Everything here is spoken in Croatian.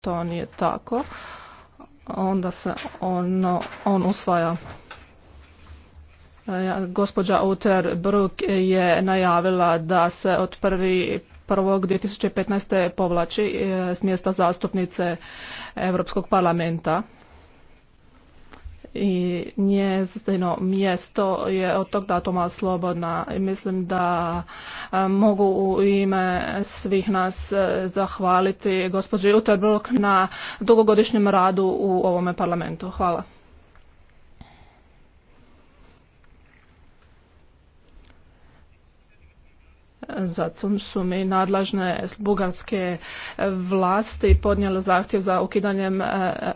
to nije tako, onda se ono, on usvaja. E, gospođa Uter Bruk je najavila da se od 1.1.2015. povlači e, s mjesta zastupnice Europskog parlamenta i njezino mjesto je od tog datuma slobodna i mislim da mogu u ime svih nas e, zahvaliti gospođi Uterbrok na dugogodišnjem radu u ovome parlamentu. Hvala. Zatim su mi nadlažne bugarske vlasti podnijele zahtjev za ukidanjem e,